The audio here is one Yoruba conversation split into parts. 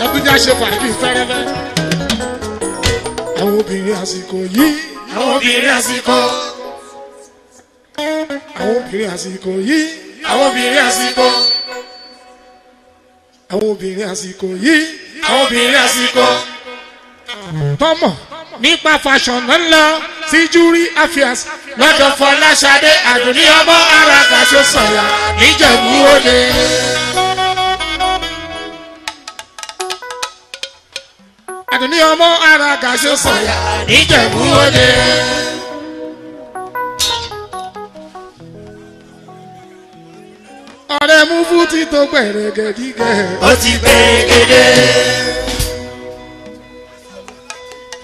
ẹbíjà ṣe fàájì fẹ́rẹ́fẹ́. àwọn obìnrin àsìkò yìí. àwọn obìnrin àsìkò. àwọn obìnrin àsìkò yìí. àwọn obìnrin àsìkò. àwọn obìnrin àsìkò yìí. àwọn obìnrin àsìkò. tọmọ nípa fashion ńlá sí júrí afias lọ́dọ̀ Fọláṣadé Àdùnní ọmọ arákàṣọ sọ̀yà níjẹ̀bú òde. àdùnní ọmọ ara gàṣó sọ̀yà níjẹ̀bú òde. ọ̀rẹ́ mú fún ti tó gbẹ̀rẹ̀gẹ̀dígẹ̀. ó ti gbẹ̀rẹ̀gẹ̀dẹ̀.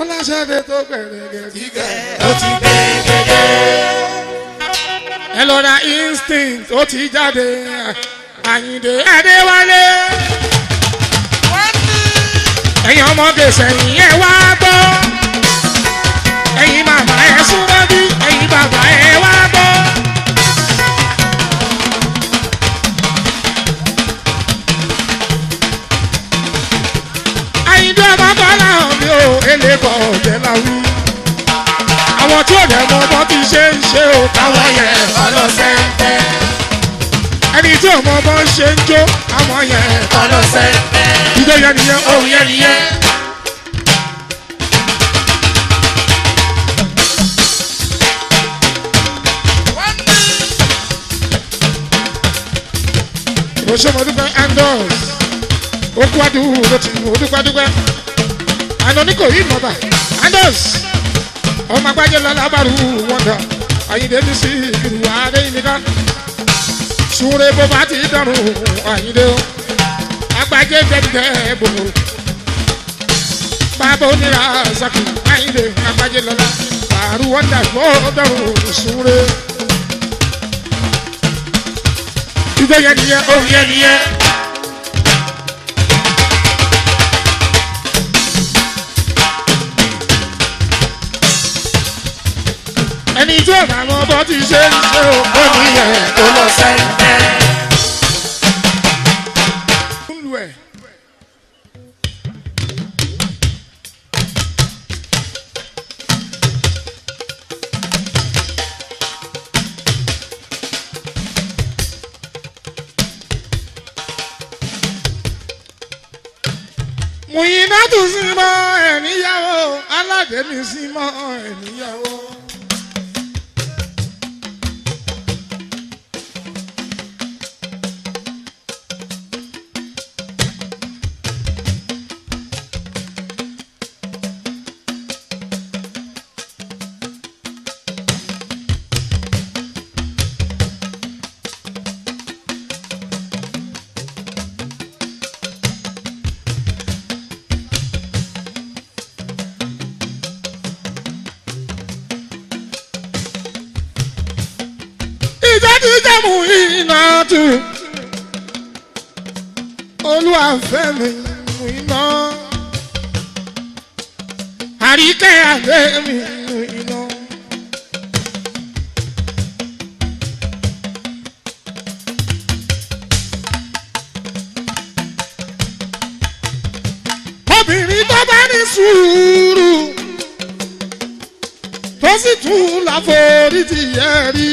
ó láṣẹ́fẹ̀ tó gbẹ̀rẹ̀gẹ̀dígẹ̀. ó ti gbẹ̀rẹ̀gẹ̀dẹ̀. ẹ lọ ra instinct ó ti jáde Àyìndé Adéwálé ẹ̀yin ọmọge sẹ́yìn ẹ wá gbọ́ ẹ̀yin bàbá ẹ súnmọ́ bí ẹ̀yin bàbá ẹ wá gbọ́. àyíjọ́ ọmọkọ́lá mi ò elébọ̀ ọ̀jẹ̀ láwí. àwọn tí ò dẹ̀ mọ́ bọ́ ti ṣe ń ṣe ò káwọn yẹn ọlọ́sẹ̀ ń tẹ́ ẹni tí ọmọ bọ́ ṣe ń jó àmọ́ yẹn ọlọ́sẹ̀ ìjọ yẹn nìyẹn òun yẹn nìyẹn. òṣèmọdúpẹ́ andos okú adúgbò ló ti wò dúpẹ́dúpẹ́ àná ní kò rí ìmọ̀ba andos ọmọ agbájẹ́ lọ́la bá rú wọ́ndà àyìndé ní sí ìlú àárẹ̀ ìnìkan ṣúre bó bá ti dọ̀rùn àyíndé o agbájé jẹ́jẹ́ bò ó bàbá onira saki àyíndé agbájé lọ́la àrùn wọ́ndà bó dọ̀rùn ṣúre. ìjọ yẹn nìyẹn òun nìyẹn. ẹni tí ò bá mọ bọ́ ti ṣe ń ṣe òkú nìyẹn tó lọ sẹ́ńtẹ́. Mùyìnbá tún sí mọ́ ẹ̀ níyàwó alájẹmí sí mọ́ ẹ̀ níyàwó. àfẹ́ mi iná. Àríkẹ́ àfẹ́ mi iná. Obìnrin tó bá ní sùúrù tó sì tún láforítì yẹ rí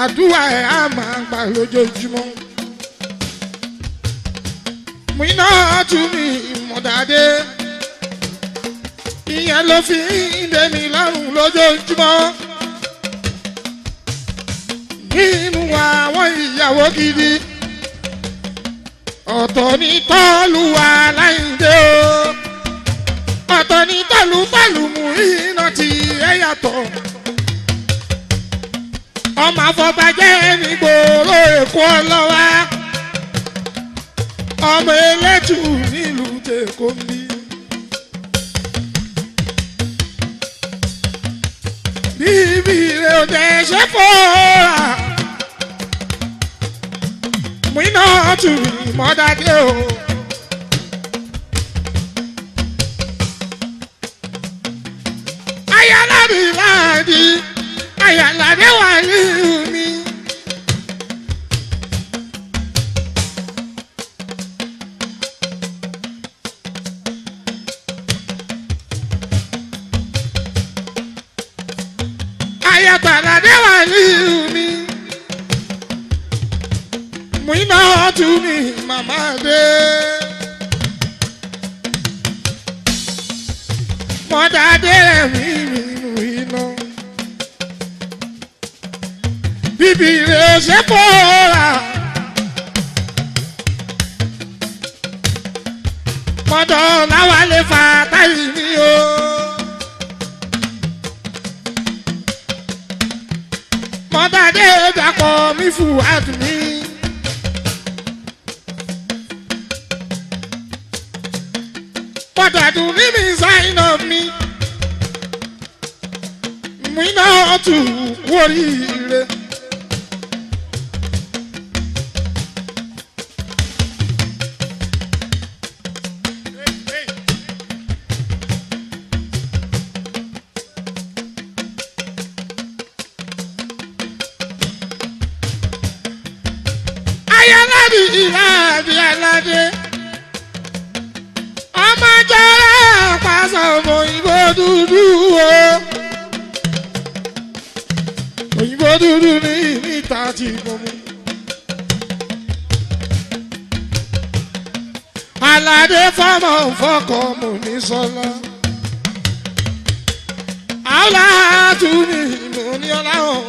àdúrà ẹ̀ á máa gbà lójoojúmọ́. Fátúmì Ìmọ̀dádé ìyẹn ló fi ń dẹni lọ́rùn lójoojúmọ́ nínú àwọn ìyàwó gidi ọ̀tọ̀ ní tọ́lù aláìndé o ọ̀tọ̀ ní tọ́lù tọ́lù mú iná ti ẹ̀ yàtọ̀ ọmọ afọbajẹ́ mi gbòòrò èkó ọlọ́wà ọmọ ele jù nílùú tèkó mi. bíbí rẹ̀ ò dẹ̀ ṣe fọ́ra mú iná tù mọ́dádé o. To me, my mother, mother, dé. me, me, me nínú iná. Bíbí rẹ̀ ṣe mother, Mọ́tò láwa lè fa táyì mi o. Mọ́tà call me mi fù me. to be inside of me. We Muina to worry. máa ń fọkọ mò ní sọlá. aláàtúmí mò ní ọlá òun.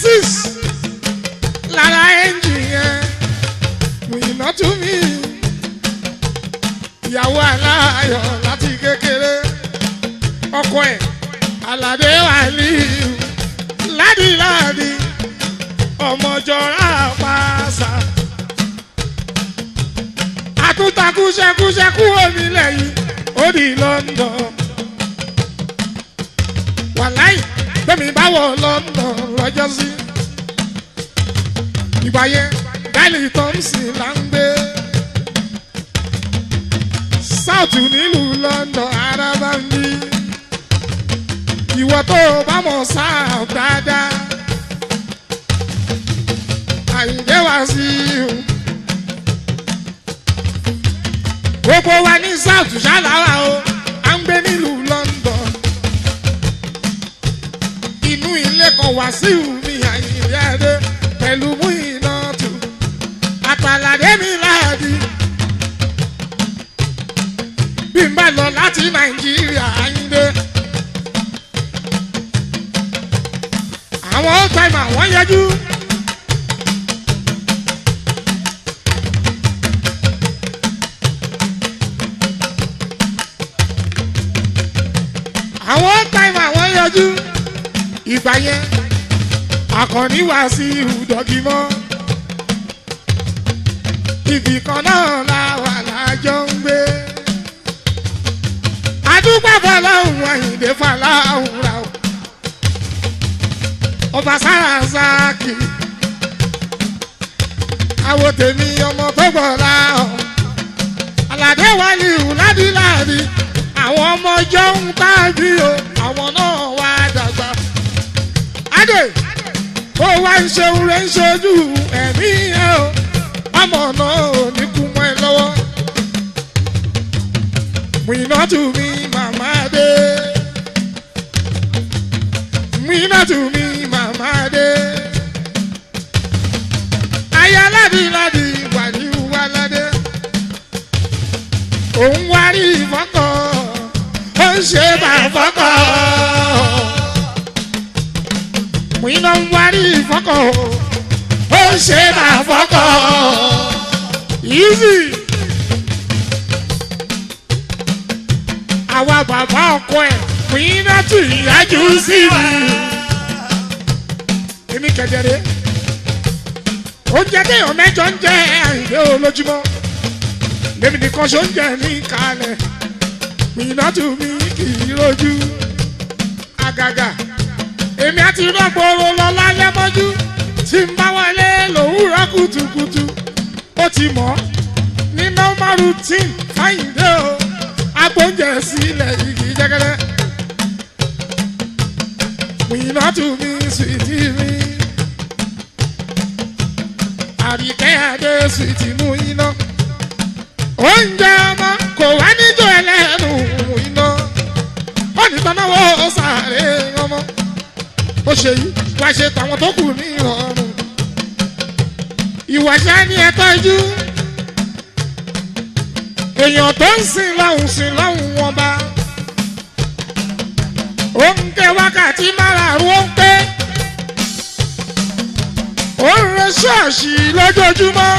Moses lára ẹ̀ǹjì yẹn Muyina tú mi ìyàwó aláyọ̀ láti kékeré ọkọ ẹ̀ Àlàdé Wàlíù ládìládì ọmọjọra pàṣà àtúntakú ṣẹkúṣẹkú omi lẹ́yìn ó di London wàláì gbẹmí báwọ London lọ́jọ́ sí. ìgbà yẹn dáìlì thompson là ń gbé. sáùtù nílùú London araba ń bí. ìwọ tó o bá mọ̀ sáà dáadáa. àyíké wá sí i. gbogbo wa ní sáùtù ṣáláwá o à ń gbé nílùú London. wàsíù mi àyíyáde pẹ̀lú mú iná tù àpàlàdé mi láàdì. bí n bá lọ láti nàìjíríà àyíndé. àwọn old timer wọ́n yẹjú. àwọn old timer wọ́n yẹjú ìgbà yẹn àkànní wá sí ìhùdọ́gí mọ́ ibì kan náà la wà lájọ ń gbé adúgbò fọlọ́hún àyìndé fọlọ́hún ra o ọba sára sáàkì àwo tèmi ọmọ tó gbọ́ra ọ àlàdé wálé ìwúládìláàdì àwọn ọmọ ọjọ́ ń bá bí o àwọn náà wá dàgbà. adé ó wá ń ṣe rẹ̀ ń ṣojú ẹ̀mí ẹ̀ o àmọ̀ ọ̀nà ò ní kú mọ́ ẹ lọ́wọ́. Muinatu mi màmá dé. Muinatu mi màmá dé. Aya ládìládì wà ní wà ládé. Òun wá rí ìfọ́kọ̀, ó ń ṣe bàfọ́kọ̀. Muinatu wá fọ́kọ̀ o ó ṣe máa fọ́kọ̀ easy. àwa bàbá ọkọ ẹ̀ pín náà ìyájú sí mi. èmi kẹ̀dẹ̀rẹ̀ oúnjẹ téèyàn mẹ́jọ ń jẹ àìdé olójúmọ́ lèmi nìkan ṣó ń jẹ ní kalẹ̀ pín náà tù mí kì í rojú àgàgà èmi àti rọ́gbòrò lọ láyé mọ́jú tí ń bá wọlé lòwúrọ̀ kùtùkùtù ó ti mọ̀ ní normal routine fáyìndé o agbóúnjẹ sílẹ̀ igi jẹ́gẹ́dẹ́ wìnà tù mí sùìtì mi àríkẹ́ adé sùìtì mú iná oúnjẹ ọmọ kò wá níjọ ẹlẹ́nu iná ó ní tọ́nà wọ́n sáré ọmọ bó ṣe yí wá ṣe tàwọn tó kù ní ìrọ̀rùn ìwà ṣá ni ẹ tọ́jú èèyàn tó ń sìn lọ́hùn sìn lọ́hùn wọn bá ó ń ké wákàtí márààrún ó ń pé ó ń re ṣọ́ọ̀ṣì lójoojúmọ́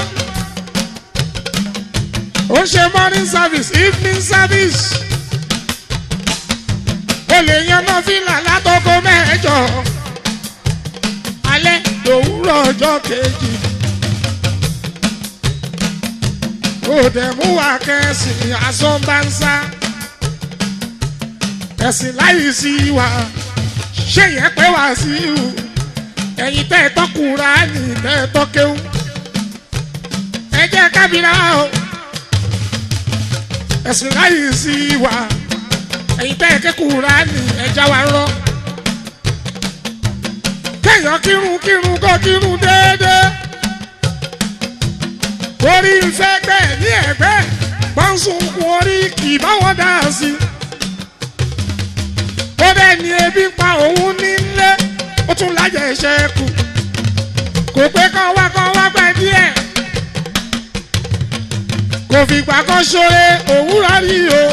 ó ṣe morning service evening service ó lè yan náà fìlà látọkọ mẹ́jọ àárọ̀ ọjọ́ kejì òdè mú wa kẹ́sì asọ́nbánsá ẹ̀sìn láyé sí wa ṣé yẹn pé wá sí i ẹ̀yin tẹ́ ẹ tọ́kùnra ni tẹ́ ẹ tọ́kéwù ẹ jẹ́ kábìrà o ẹ̀sìn láyé sí wa ẹ̀yin tẹ́ ẹ kékùnra ni ẹ já wa rán kéèyàn kírun kírun kó kírun déédéé orí nsẹ́gbẹ́ ní ẹ̀gbẹ́ pọ́nsunkun orí kì í báwọn dá sí i ó dẹ̀ ní ebi pa òun nílé ó tún láyẹ̀ ẹ̀ṣẹ̀ kù kò pé kán wá kán wá gbẹ díẹ̀ kò fìgbà kan ṣoore òwúrọ̀ rí o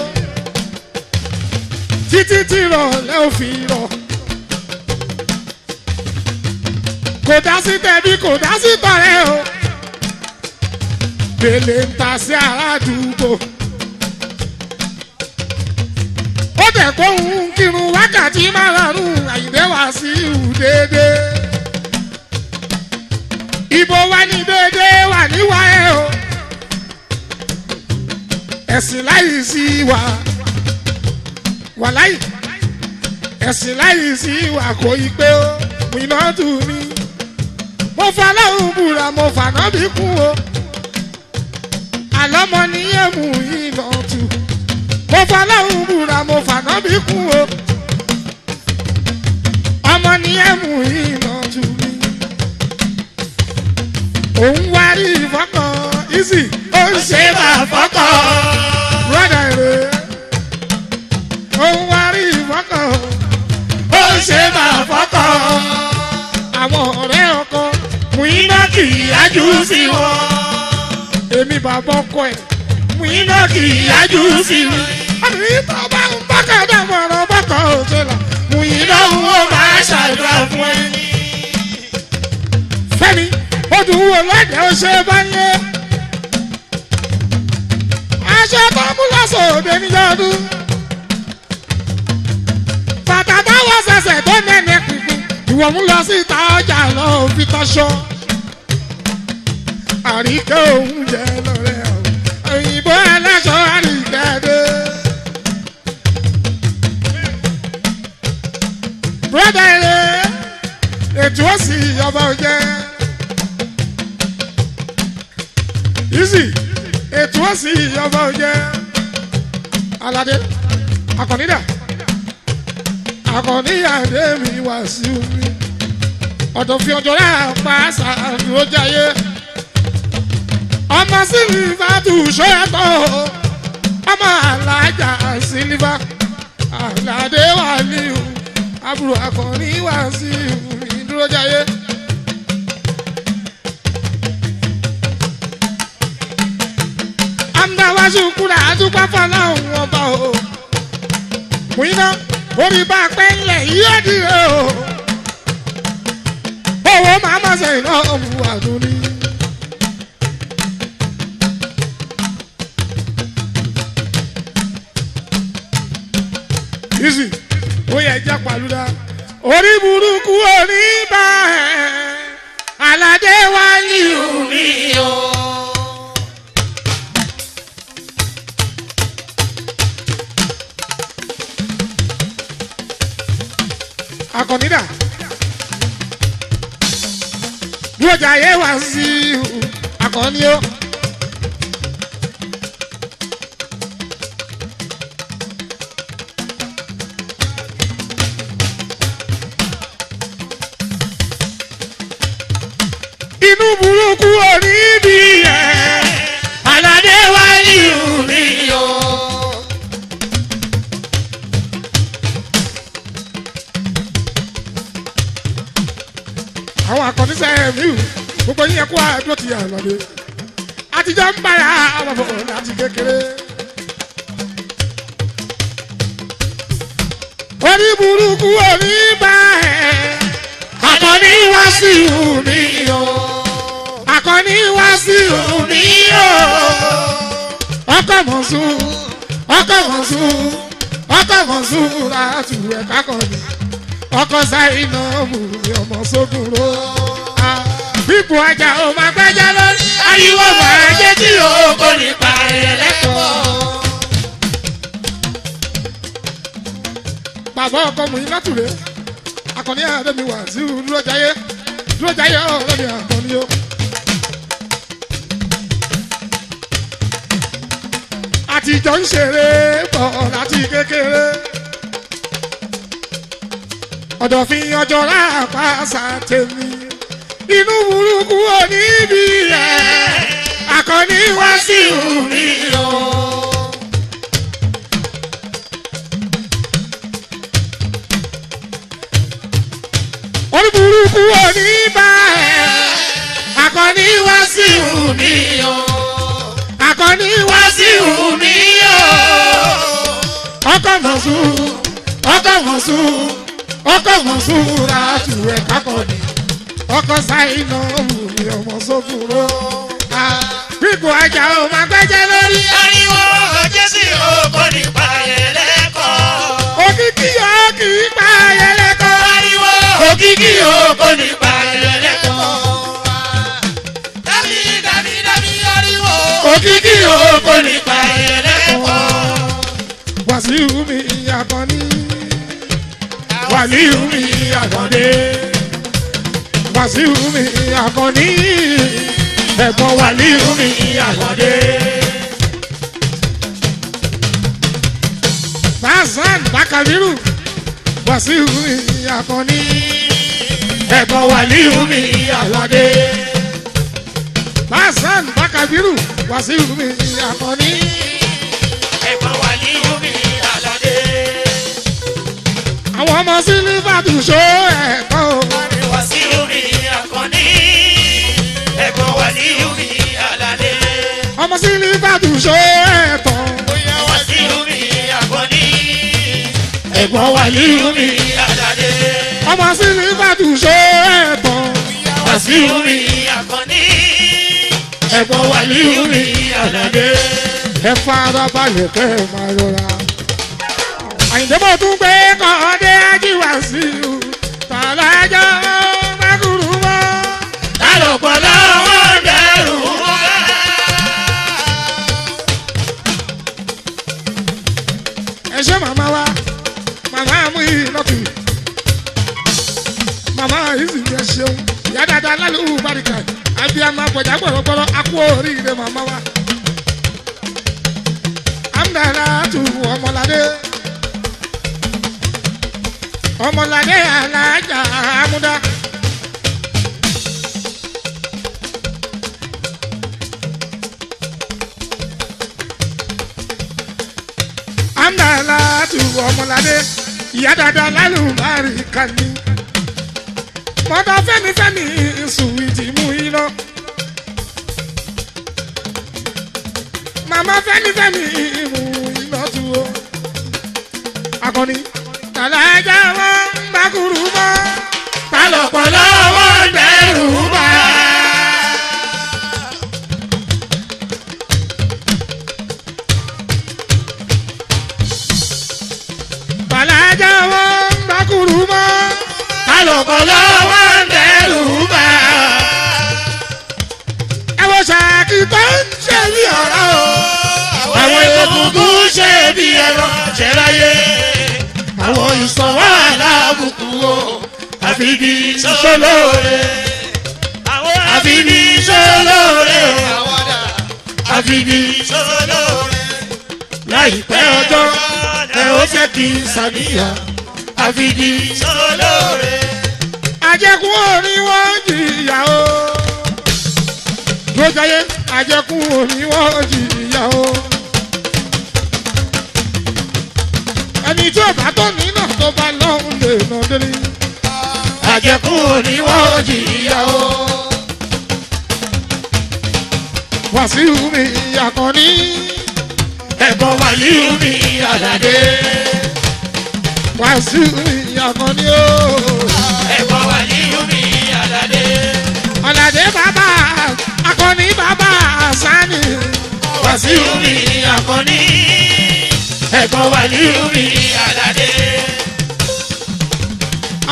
títí tí rọ̀ lẹ́ òfin rọ̀. kò dá sí tẹ̀bí kò dá sí tọ̀rẹ́ o. Bèlè ń ta sí aládùúgbò. Ó tẹ̀ kóhun kírun wákàtí márùn-ún Àyìndé wá sí ìhù déédé. Ibo wá ní déédé wà níwá ẹ o. Ẹ̀sìn láì sí wa. Wàláì. Ẹ̀sìn láì sí wa kò yí pé o. Mìíràn tù mí mo fọlọ́run búra mo fànábì kún o àlọ́mọ nìyẹn mú yín lọ tù mo fọlọ́run búra mo fànábì kún o ọmọ nìyẹn mú yín lọ òun wá rí ìfọkàn ìsì ó ń ṣe bá fọkàn rọ́dà èrè òun wá rí ìfọkàn ó ń ṣe bá fọkàn. kì í yájú sí wọn. èmi bàbá ọkọ ẹ̀ mú iná kì í yájú sí mi. àbí tó bá ń bọ́kà dàbọ̀ ọ̀rọ̀ bọ́kà òṣèlú mú iná wọn máa ṣàdúrà fún ẹ. fẹ́mi ó dùn wò lọ́dẹ̀ ó ṣe bá yẹ. aṣọ tó mú lọ́sọ̀ òde níjọ́ ọdún. bàtà táwọn ṣẹ̀ṣẹ̀ tó nẹ́ẹ̀ẹ́ pínpín ìwọ̀n mú lọ sí ìta ọjà lọ́ọ́ fi tọ́ṣọ́ àríkẹ́ òun jẹ́ lọ́rẹ́ o òyìnbó aláṣọ àríkẹ́ dé. bùrọ̀dà èrè ètò òsì ọba òjẹ́ ìsì ètò òsì ọba òjẹ́ aládé akọ̀nídà akọ̀níyàdé mi wá sí omi ọ̀dọ̀ fi ọjọ́ rẹ̀ pa àṣà àdúró jayé ọmọ sílífà tù ṣẹ́tọ̀ ọmọ alájà sílífà àlàdé wà níhù àbúrò akọni wà sí ìdúrójàyé. amúdáwáṣu kúrò àdúgbò fọlá òun ọba o mú iná orí bá pẹ́ ńlẹ̀ yíyá dìde o owó màmá sẹ́yìn náà ọ̀bùn àdúrí. nísì bóyá ẹja pàlúdà orí burúkú orí bá aládé wálé omi o. akọ̀nídà bí ọjà yẹ wá sí akọ̀ní burúkú onídìí ẹ̀ aládé wáyú mi o. àwọn àkànní sẹ́yìn mi gbogbo yín ẹ̀kú àdó ti àlọ́dé àtijọ́ ń bára àwọn ọmọ láti kékeré. orí burúkú orí bá ẹ̀ àkànní wá sí ìhù mi ní Wasiu mi o ọkọ Mọ̀sún ọkọ Mọ̀sún ọkọ Mọ̀sún láti ẹ̀ka kan ní ọkọ sáré náà mú ọmọ sógun ró bíbu ọjà ó máa gbẹ́jà lórí ariwo máa jẹ́ kí oògùn nípa ẹ̀yẹ lẹ́kọ̀ọ́. bàbá ọkọ mi látùlé akọni àdémi wà sí dúró jayé dúró jayé ọ̀rẹ́ mi àkọni o. àtijọ́ ń ṣeré bọ̀ láti kékeré. ọ̀dọ̀fin ọjọ́ láàpá sàtẹ̀mí inú burúkú ò níbi ẹ̀ àkọ́ní wá sí omi o. orí burúkú ò ẹ̀ àkọ́ní wá sí omi o ọkọ ní Wàsíù mi yóò. ọkọ Mọ̀sùn ọkọ Mọ̀sùn ọkọ Mọ̀sùn rájú ẹ̀ kákọ̀ ni ọkọ sáyìn náà wù mí ọmọ sókúrò. pípò ah, ajá o máa gbẹ́jẹ́ lórí. ariwo jésì o kò ní pa ẹlẹ́kọ̀ọ́. òkìkí o kì í pa ẹlẹ́kọ̀ọ́. ariwo òkìkí o kò ní pa. o kò ní pààyàn lẹ́kọ̀ọ́. wàsíù mi àkànní wàsíù mi àkàndé wàsíù mi àkànní Bakabiru wàsíù mi àkànní ẹ̀gbọ́n hasan bakabiru wàsíù akoni àkànní. ẹ̀gbọ́n wà ní omi àlàdé. àwọn ọmọ sílífàtù ṣó ẹ̀kọ́. wàsíù mi àkànní. ẹ̀gbọ́n wà ní omi àlàdé. ọmọ sílífàtù ṣó ẹ̀kọ́. bóyá wàsíù mi àkànní. ẹ̀gbọ́n wà ní omi àlàdé. ọmọ sílífàtù ṣó ẹ̀kọ́. wàsíù mi àkànní ẹ̀gbọ́n Wàlíù ní Àlàdé ẹ fara balẹ̀ kẹ́ ẹ máa rọra. Àyìndé mo tún gbé kọ́ọ́dé ajíwá sí i tàlájọ́ mẹ́kúrú mọ́. Tálọ̀pọ̀ lọ́wọ́ dẹrù wọ́n. Ẹ ṣé màmá wa, màmá mú ìlọ́kì, màmá yìí sì jẹ́ ṣeun ìyá dáadáa lálùú bàríkà abiyamọ àgbẹjà gbọrọgbọrọ akú oríire màmá wa. amdara tu ọmọládé ọmọládé alájà amúdá. amdara tu ọmọládé ìyá dáadáa lálùú bàríkà ni bàbá fẹ́mi fẹ́mi sùwìtì mú iná. màmá fẹ́mi fẹ́mi mú iná tu akọni. àfìdí sọlọ́ọ̀rẹ́ àwọn àfìdí sọlọ́ọ̀rẹ́ àwọ̀dà àfìdí sọlọ́ọ̀rẹ́ láìpẹ́ ọjọ́ ẹ ó fẹ́ kí n ṣàníyàn àfìdí sọlọ́ọ̀rẹ́ àjẹkù orí wọn jìyà o gbọ́dọ̀yé àjẹkù orí wọn jìyà o. ẹni tí ò bá tó ní náà tó bá lọ́hùn lè nà délé àjẹkù ni wọ́n jìyà o. wàsíù mi àkànní. ẹ̀bọ̀n wàyíù mi àlàdé. wàsíù mi àkànní o. ẹ̀bọ̀n wàyíù mi àlàdé. àlàdé bàbá àkànní bàbá sani. wàsíù mi àkànní. ẹ̀bọ̀n wàyíù mi àlàdé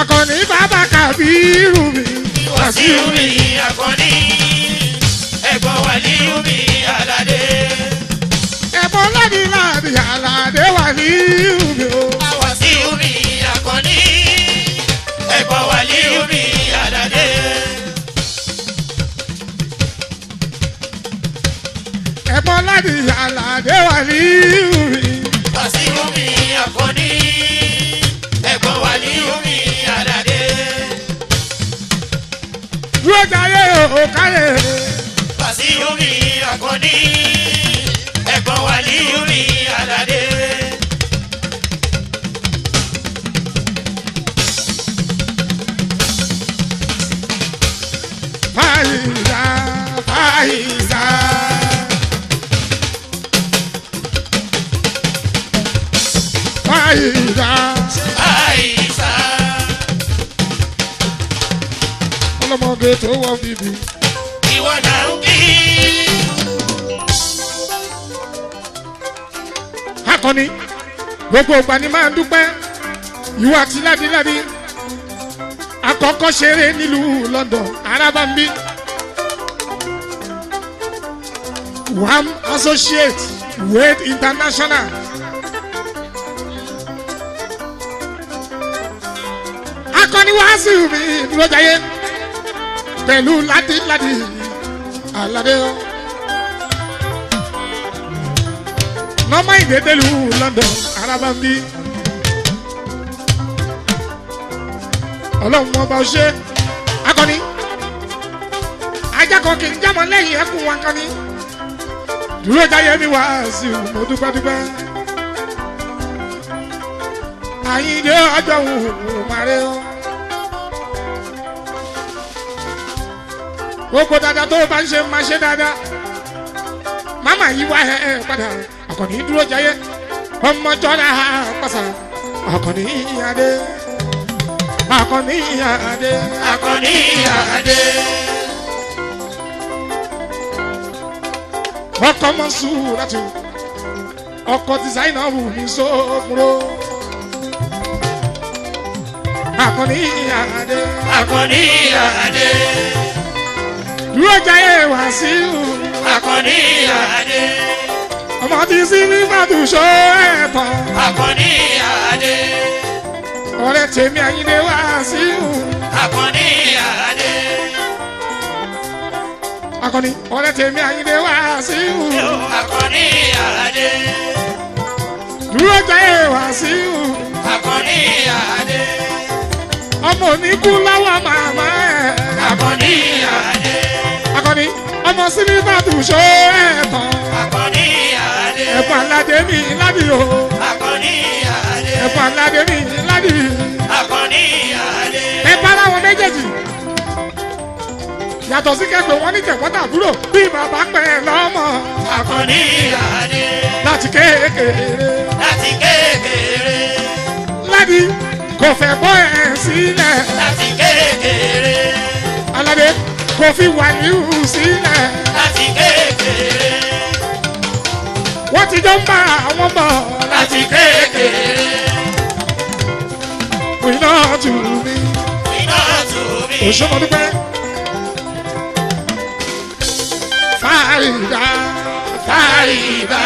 akọni bàbá kàbírù mi. wàsíù mi akọni ẹ̀gbọ́n wàlíù mi aládé. ẹ̀gbọ́n láti láàbì aládé wàlíù mi o. wàsíù mi akọni ẹ̀gbọ́n wàlíù mi aládé. ẹ̀gbọ́n láti aládé wàlíù mi. jayé o káyé. Wàsíù mi àkọ́ní ẹ̀gbọ́n Wàlíù mi Àlàdé. Fàyíṣà fàyíṣà. Fàyíṣà. ọlọ́mọge tó wọ bíbí. ìwọ náà ń kí. akọni gbogbo ìgbà ni máa ń dúpẹ́ ìwọ àti ládìládì akọ́kọ́ nílùú London arábàmbí wam associate Wade international. akọni wàásù mi dúró jayé pẹ̀lú ládìládì aládé o. nọ́mà ìdẹ́dẹ́lu London araba ń bí. ọlọ́run mọ ọba ọṣẹ́ akọni ajakọ kì í jámọ lẹ́yìn ẹkùn wọn kan ní. dúró jáyé mi wá sí i mo dúpẹ́ dúpẹ́. àyíǹde ọjọ́ òun ò máa rẹ́ ọ́. gbogbo dáadáa tó o bá ń ṣe máa ṣe dáadáa màmá yìí wá ẹ ẹ padà àkànní dúró jayé ọmọ jọra pàṣà àkànní adé àkànní adé àkànní adé. ọkọ mọ sùúrù láti ọkọ dizaina wù mí sóòmùrò. àkànní adé àkànní adé dúró jayé Wàsíù. akọni Àdé. ọmọ tí Sílífàtù ṣó ẹ̀tàn. akọni Àdé. ọ̀rẹ́ tèmi Àyìndé Wàsíù. akọni Àdé. akọni ọ̀rẹ́ tèmi Àyìndé Wàsíù. akọni Àdé. dúró jayé Wàsíù. akọni Àdé. ọmọ oníkú láwọn màmá ẹ̀. akọni ade ọmọ sílífàtù ṣe ẹ̀tàn. akọni àdé. ẹ̀fọ́ aládé mi ládì o. akọni Ade, ẹ̀fọ́ aládé mi ládì. akọni Ade, ẹ bára wọn méjèèjì. yàtọ̀ sí kẹfẹ́ wọn ní tẹ̀wọ́tà àbúrò bí bàbá pẹ̀ lọ́mọ. akọni àdé. láti kékeré. láti kékeré. ládì kò fẹ́ bọ́ ẹ̀ sílẹ̀. láti kékeré. aládé kò fi wà níhù sílẹ̀. láti kékeré. wọ́n ti jọ ń bá àwọn bọ̀. láti kékeré. iná tù mí. iná tù mí. òṣèlú dúpẹ́. fàyídà. fàyídà.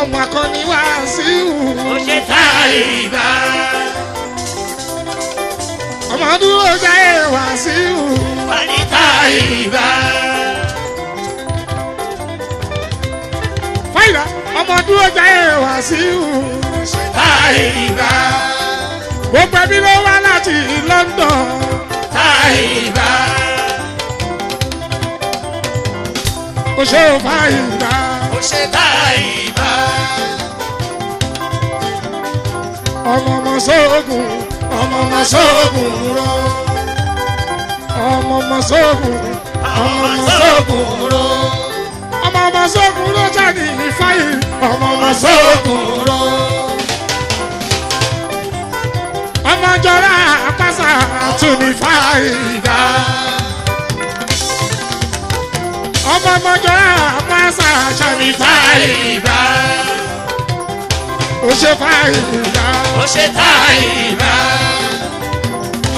ọmọ akọni wá síhù. ó ṣe fàyídà ọmọdúró jáyé wàásù. oníta ìbá. fáìlà ọmọdúró jáyé wàásù. ṣètà ìbá. gbogbo ẹbí ló wá láti London. ta ìbá. kò ṣe ò bá ìbá. kò ṣe ta ìbá. ọmọ ọmọ sóògùn ọmọ ọmọ sóògùn rọ ọmọ ọmọ sóògùn ọmọ ọmọ sóògùn rọ ọmọ ọmọ sóògùn rọ jáde ìfáyì ọmọ ọmọ sóògùn rọ ọmọ jọra àpáṣà àtúnifáyì dá ọmọ ọmọ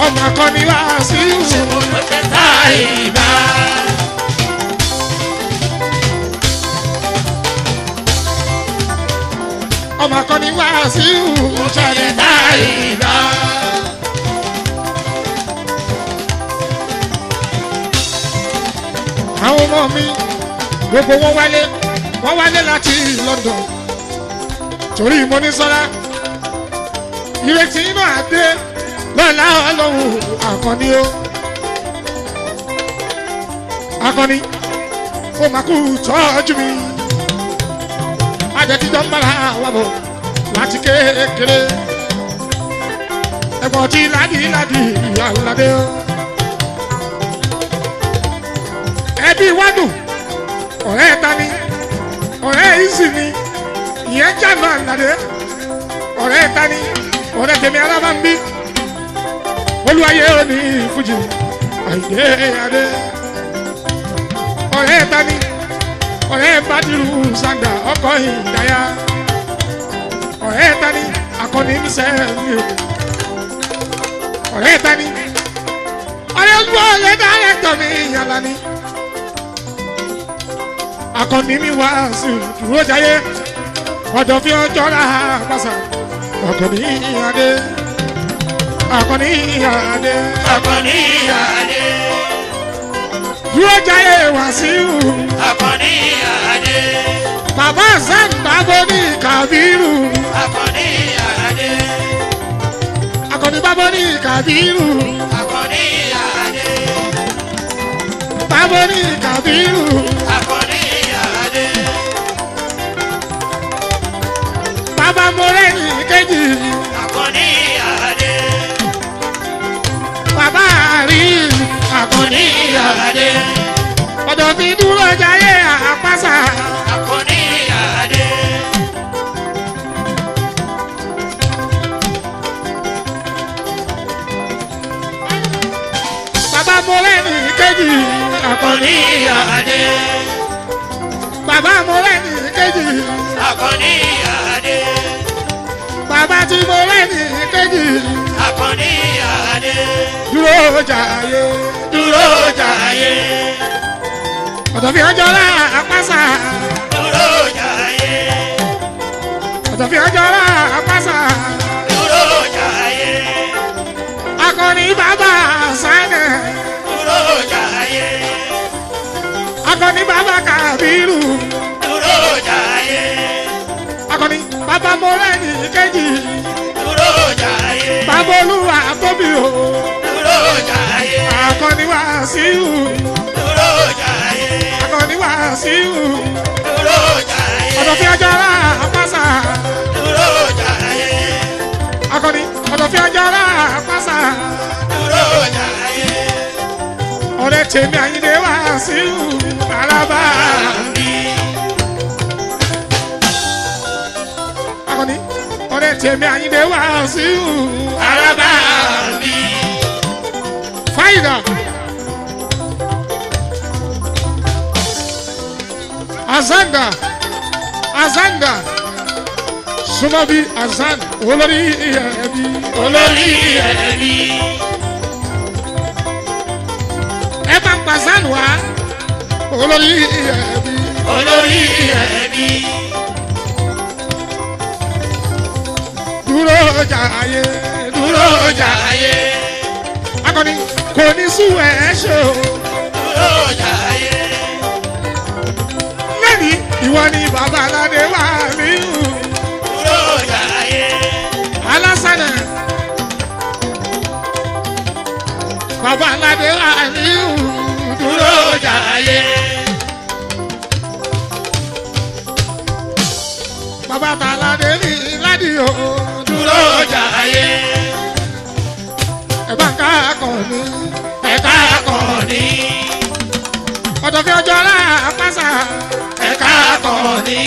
ọmọ akọni láàásì ṣe mo lọ́tẹ̀ tá ìbá. ọmọ akọni láàásì mo ṣẹlẹ̀ tá ìbá. àwọn ọmọ mi gbogbo wọn wálé wọn wálé láti London torí mo ní sọ́ra ìrètí náà dé. lọ́la ọlọ́run àkànní o àkànní ó máa kú tọ́jú mi àjẹjíjọ́ ń bára wà bọ̀ láti kékeré ẹ̀gbọ́n tí ládìládì aládé o ẹbí wádùn ọ̀rẹ́ ni ọ̀rẹ́ ìsì ni ìyẹn jẹ́ àná ọ̀rẹ́ ni ọ̀rẹ́ tèmi olúwayé òní fújì àìdé adé ọ̀rẹ́ tani ọ̀rẹ́ bàdìrú sàgbà ọkọ̀ ìdáyà ọ̀rẹ́ tani akọni níṣẹ́ mi o ọ̀rẹ́ tani ọ̀rẹ́ gbọ́ ọ̀rẹ́ dáhẹ́ tọ̀mí yàrá ni akọni mi wá sí dúró jayé ọ̀dọ̀ fi ọjọ́ ra àgbàsà ọkọ̀ mi adé. Àkànní Àdé. Àkànní Àdé. Dúró jayé Wàsíù. Àkànní Àdé. Bàbá Sẹ́ńtàgbọ́nì Kàbírù. Àkànní Àdé. Àkànní Bábọ́nì Kàbírù. Àkànní Àdé. Bábọ́nì Kàbírù. Àkànní Àdé. Bàbá Mọ́rẹ́yìn kejì. àárín àkànní ìyàládé. ọ̀dọ̀ mi dúró jayé àpáṣà. àkànní ìyàládé. bàbá mo lẹ́nu kejì. àkànní ìyàládé. bàbá mo lẹ́nu kejì. àkànní ìyàládé. bàbá tí mo lẹ́nu kan ní àdé. dúró jàyé. dúró jàyé. ọ̀dọ̀fí ọjọ́lá apásá. dúró jàyé. ọ̀dọ̀fí ọjọ́lá apásá. dúró jàyé. akọni bàbá sànà. dúró jàyé. akọni bàbá kàbírù. dúró jàyé. akọni bàbá mọ́lẹ́ni kejì mi o. dúró jàre. akọni Wasiu. dúró jàre. akọni Wasiu. dúró jàre. ọ̀dọ̀fin ajára àpáṣà. dúró jàre. akọni ọ̀dọ̀fin ajára àpáṣà. dúró jàre. ọ̀rẹ́ tèmi Àyìndé Wasiu bàlábà mi. akọni ọ̀rẹ́ tèmi Àyìndé Wasiu bàlábà. Aida. Azanda. Azanda. Sumabi Azan. Olori Ebi. Olori Ebi. Eba máa gba Olori Ebi. Olori Ebi. Dúró jà ayé. Dúró jà ayé kò ní sùn ẹ̀ ṣe o. lẹ́yìn ìwọ ni bàbá aládé wà mí hù. alásànà bàbá aládé wà mí hù. dúró jàre. bàbá tàládé ní ládìyò. dúró jàre akọni ẹ̀ka akọni. ọ̀dọ̀fin ọjọ́lá apáṣà ẹ̀ka akọni.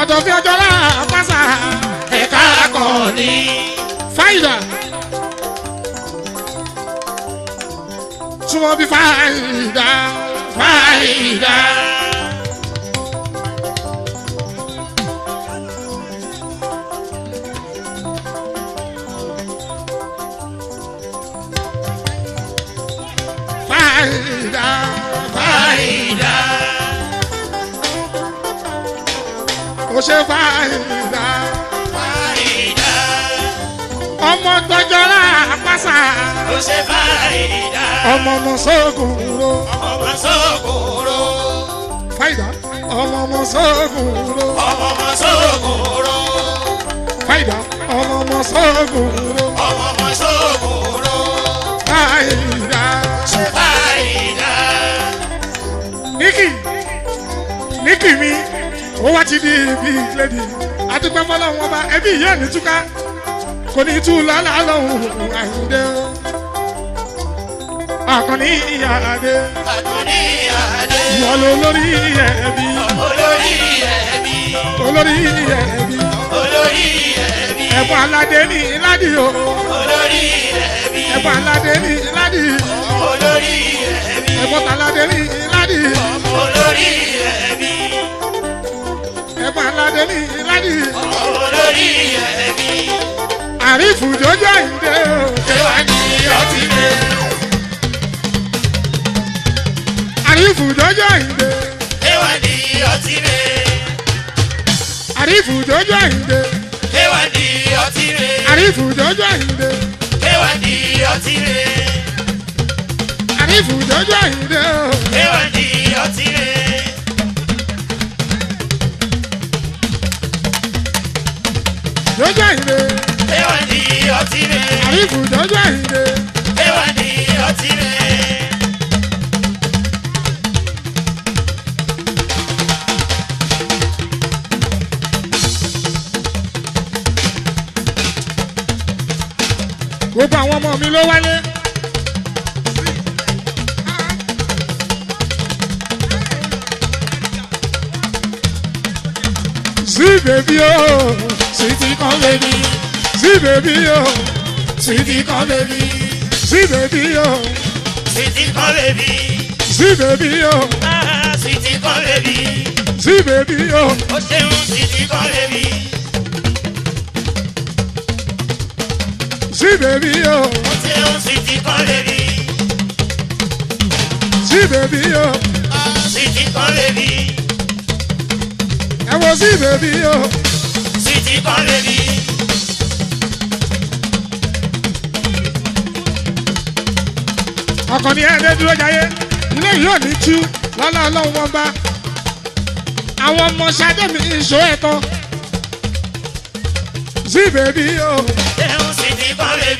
ọ̀dọ̀fin ọjọ́lá apáṣà ẹ̀ka akọni. fáyidà. súnmọ́ bí fáyidà fáyidà. Farida Farida ó ṣe Farida Farida ọmọ tọjọra àpàṣà ó ṣe Farida ọmọ ọmọ sóògùn ro ọmọ ọmọ sóògùn ro Farida ọmọ ọmọ sóògùn ro ọmọ ọmọ sóògùn ro Farida ọmọ ọmọ sóògùn ro ọmọ ọmọ sóògùn níkì mi ó wá ti di ibi ìlẹ́dì adúpẹ́ fọlọ́run ọba ẹbí ìyá mi túká kò ní tú lọ́la lọ́hùn àyíndé o. àkànní ìyá adé. àkànní ìyá adé. ìwọ ló lórí ẹbí. olórí ẹbí. olórí ẹbí. olórí ẹbí. ẹ̀bùn aládé ní ìládì o. olórí ẹbí. ẹ̀bùn aládé ní ìládì. olórí ẹbí. ẹ̀bùn aládé ní ìládì. olórí ẹbí bá ládé ní ìládì. olórí ẹ̀rẹ̀ mi. àrífù tó jẹ́ ìdè o. ṣé wàá ní ọtí lé. àrífù tó jẹ́ ìdè. ṣé wàá ní ọtí lé. àrífù tó jẹ́ ìdè. ṣé wàá ní ọtí lé. àrífù tó jẹ́ ìdè. ṣé o. ṣé wàá ní ọtí dọ́jọ́ ìre. Ewa ni ọtí re. Àrífù dọ́jọ́ ìre. Ewa ni ọtí re. Gbogbo àwọn ọmọ mi ló wálé. Sí bèbí ooo sweetie come baby sí baby o sweetie come baby sí baby o sweetie come baby sí baby o ah, sweetie come baby sí baby o ó ṣeun sweetie come baby. Sí baby o. Ó ṣeun sweetie come baby. Sí baby o. Ah, sweetie come baby. Ẹ wọ sí baby o kíkan lè rí. ọkàn ní ẹ̀ẹ́dẹ́ dúró jayé ilé yóò ní tú lọ́lá ọlọ́run wọn bá àwọn ọmọ sádẹ́mi ìṣó ẹ̀tọ́ sí bèbí o. ẹ̀hún sì ti kọ́ lè rí.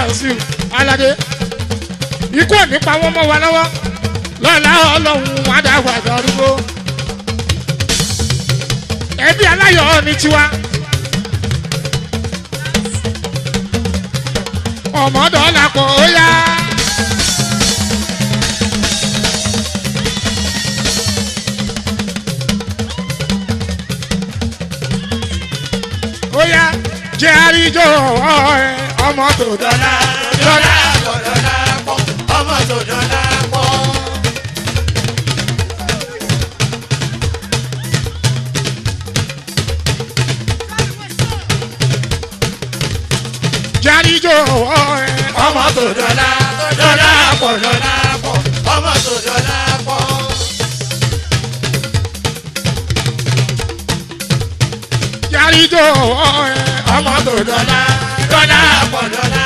Wasiu Aládé ikú ò ní pa mọ́ wa lọ́wọ́ lọ́la ọlọ́run wá dá wa dọ́rúgbó ẹbí aláyọ̀ ní tiwa ọmọdọ́là kò ó yá. ó yá jẹ́ àríjọ́ ọ̀ ẹ́ ọmọ tó dọ́là dọ́là pọ̀ dọ́là pọ̀ ọmọ tó dọ́là pọ̀. járíjó ọmọ tó dọ́là dọ́là pọ̀ dọ́là pọ̀ ọmọ tó dọ́là pọ̀. járíjó ọmọ tó dọ́là gbọ́dọ̀ dá.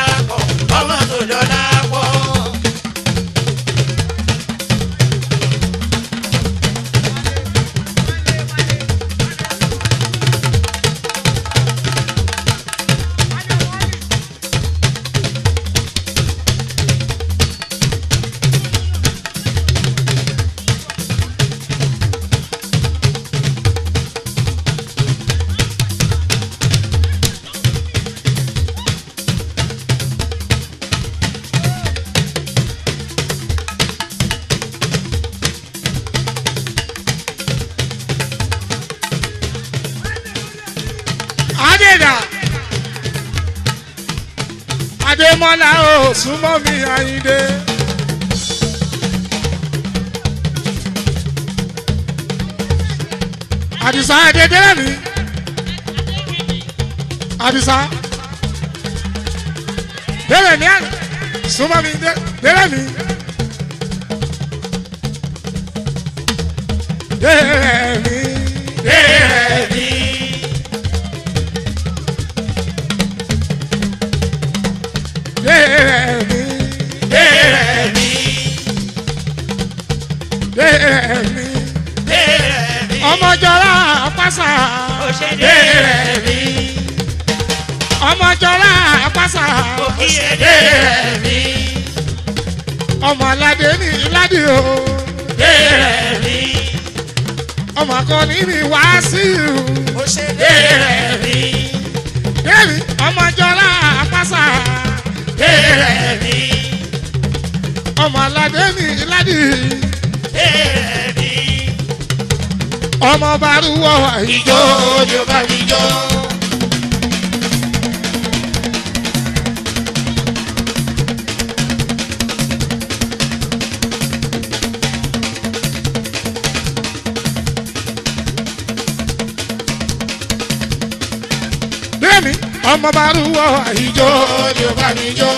ọmọ bá rúwọ́ àìjó ni ò bá mi jó.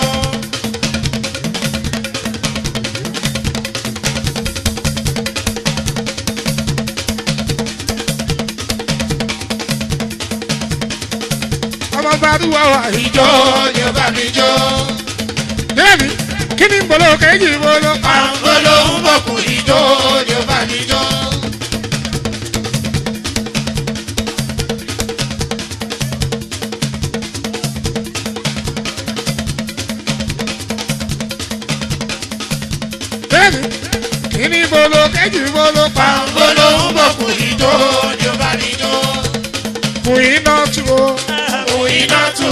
ọmọ bá rúwọ́ àìjó ni ò bá mi jó. Débì, kí ni ń bolo kejì bolo? ń bolo ń bọ̀kùn ni ò bá mi jó. méjì wọ́n ló pa. pàǹgolo ń bọ̀ kò ní jó ni ó bá mi jó. bùyìn náà tu o. bùyìn náà tu.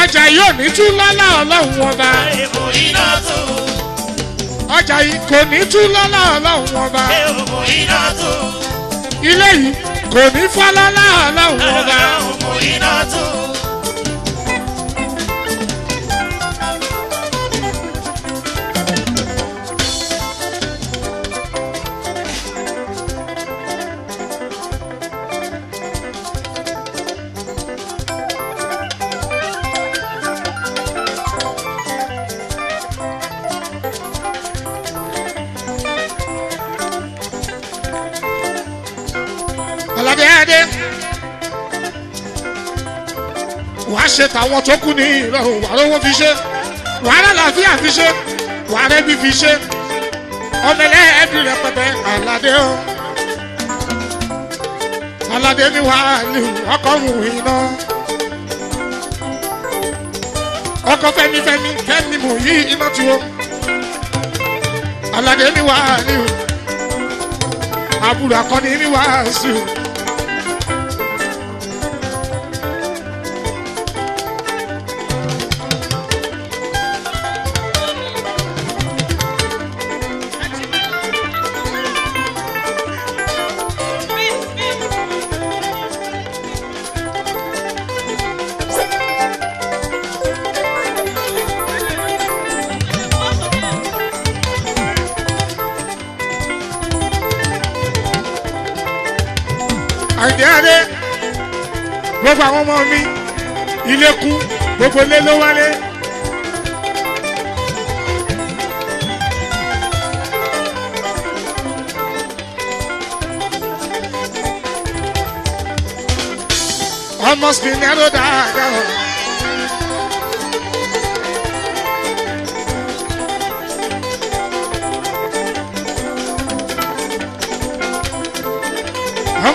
ọjà yóò ní tú lọ́lá ọlọ́run ọba. bùyìn náà tú. ọjà kò ní tú lọ́lá ọlọ́run ọba. bùyìn náà tú. ilé yìí kò ní fọ́ lọ́lá ọlọ́run ọba. bùyìn náà tú. àtàwọn tó kù ní ìlọ wà lówó fi ṣe wà lálàáfíà fi ṣe wà rẹ́bí fi ṣe ọmọlẹ́ ẹ̀dùn rẹpẹtẹ àlàdé o àlàdé ni wàá lù ọkọ̀rùn iná ọkọ̀ fẹ́mifẹ́mi fẹ́mi mò yí iná tu o ni wàá lù àbúrò akọni ni wàá sùn. àyìndé adé gbogbo àwọn ọmọ mi ilé gbogbo ilé ló wálé. ọmọ spinero dáadáa.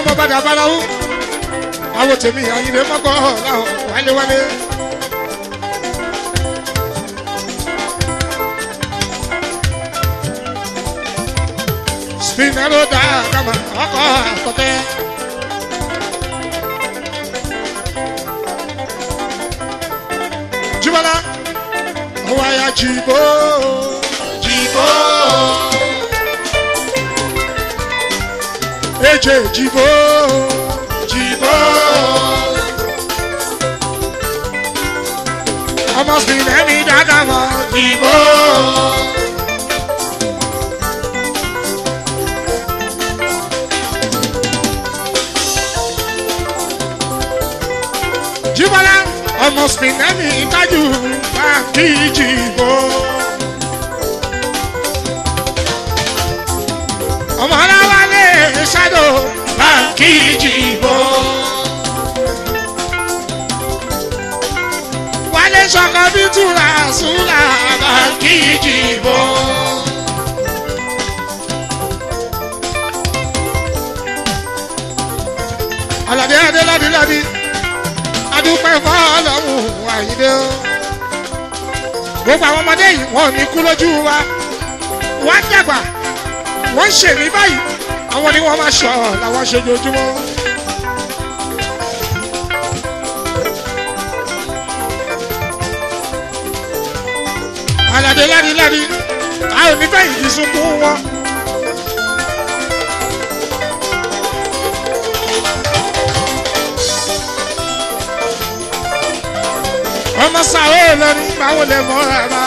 ọmọ bàdà bárawú àwọn tèmi àyìnlẹ̀ mọ́kọ́ láwọn wálewálé. spinero da kama ọkọ̀ àkọ́tẹ́. jubala ọwọ́ ya jibo. jìbò. méjèèjì Jibo, jìbó. ọmọ sílẹ̀ ní dáadáa mọ́ Jibo. Jibola, ọmọ sílẹ̀ ní ìtajú bá kí jìbó. shadow Bankijibo. Wálé sọ̀kọ́ bí túra súra Bankijibo. Àlàdé Adé lọ́dí lọ́dí, adúpẹ́ fọ́ọ̀lọ́hún àyídé o. Gbogbo àwọn ọmọdé yìí wọ́n ní kú lójú wa, wọ́n dàgbà, wọ́n ń báyìí àwọn ni wọ́n máa ṣọ làwọn ṣe ojoojúmọ́. àlàdé lẹ́rìí-lẹ́rìí a ò ní fẹ́ ìdí sunkún wọn. ọmọ sàrò lẹ́nu báwo lè mọ́ rárá.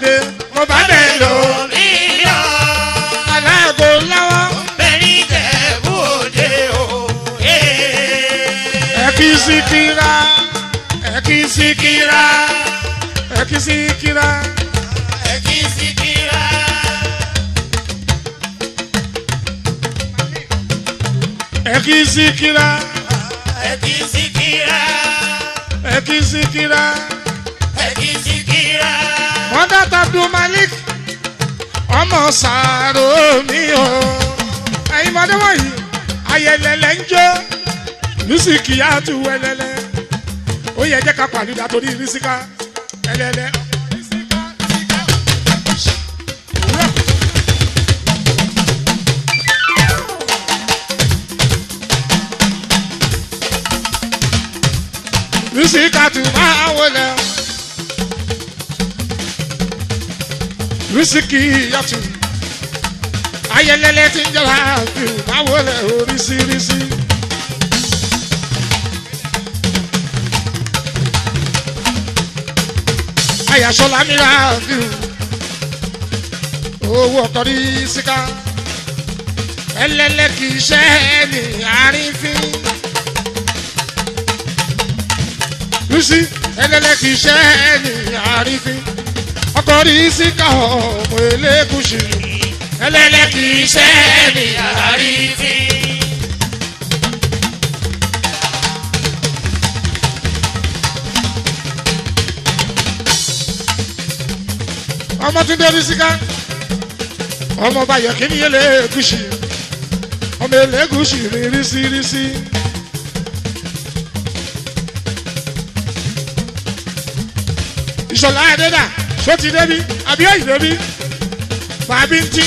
pàdé. mo bá bẹ̀ lò ní yọ. aláàgọ́ láwọ́. bẹ́ẹ̀ni Ìjẹ̀bú Òde o. ẹ kí Síkírà ẹ kí Síkírà ẹ kí Síkírà. ẹ kí Síkírà. ẹ kí Síkírà. ẹ kí Síkírà. ẹ kí àṣàrò mi o. ẹ̀yin mọ́tò wọ̀nyí ayẹlẹlẹ ń jó mísìkì á tu ẹlẹlẹ ó yẹ jẹ́ ká pàlùdà torí mísíkà ẹlẹlẹ. mísíkà tu. máa wọlé. Risiki yàtù ayẹlẹlẹ ti ń jọba àbí báwo lẹ oríṣiríṣi. àyàṣọlá mìíràn àbí owó ọkọ rí síká ẹlẹlẹ kì í ṣe ẹni àrífín. lucy ẹlẹlẹ kì í ṣe ẹni àrífín ọkọ rí síká ọmọ elégùsì ẹlẹ́lẹ́ kì í ṣe ẹni àrífín. ọmọtúndé onísíká ọmọ ọba yẹkìnní yẹlẹ ègúsì ọmọ èlé ègúsì rírísírísí. ìṣọ̀lá ẹ̀dẹ́dà só ti débi àbí òyìnbó bí bàbí ń tí.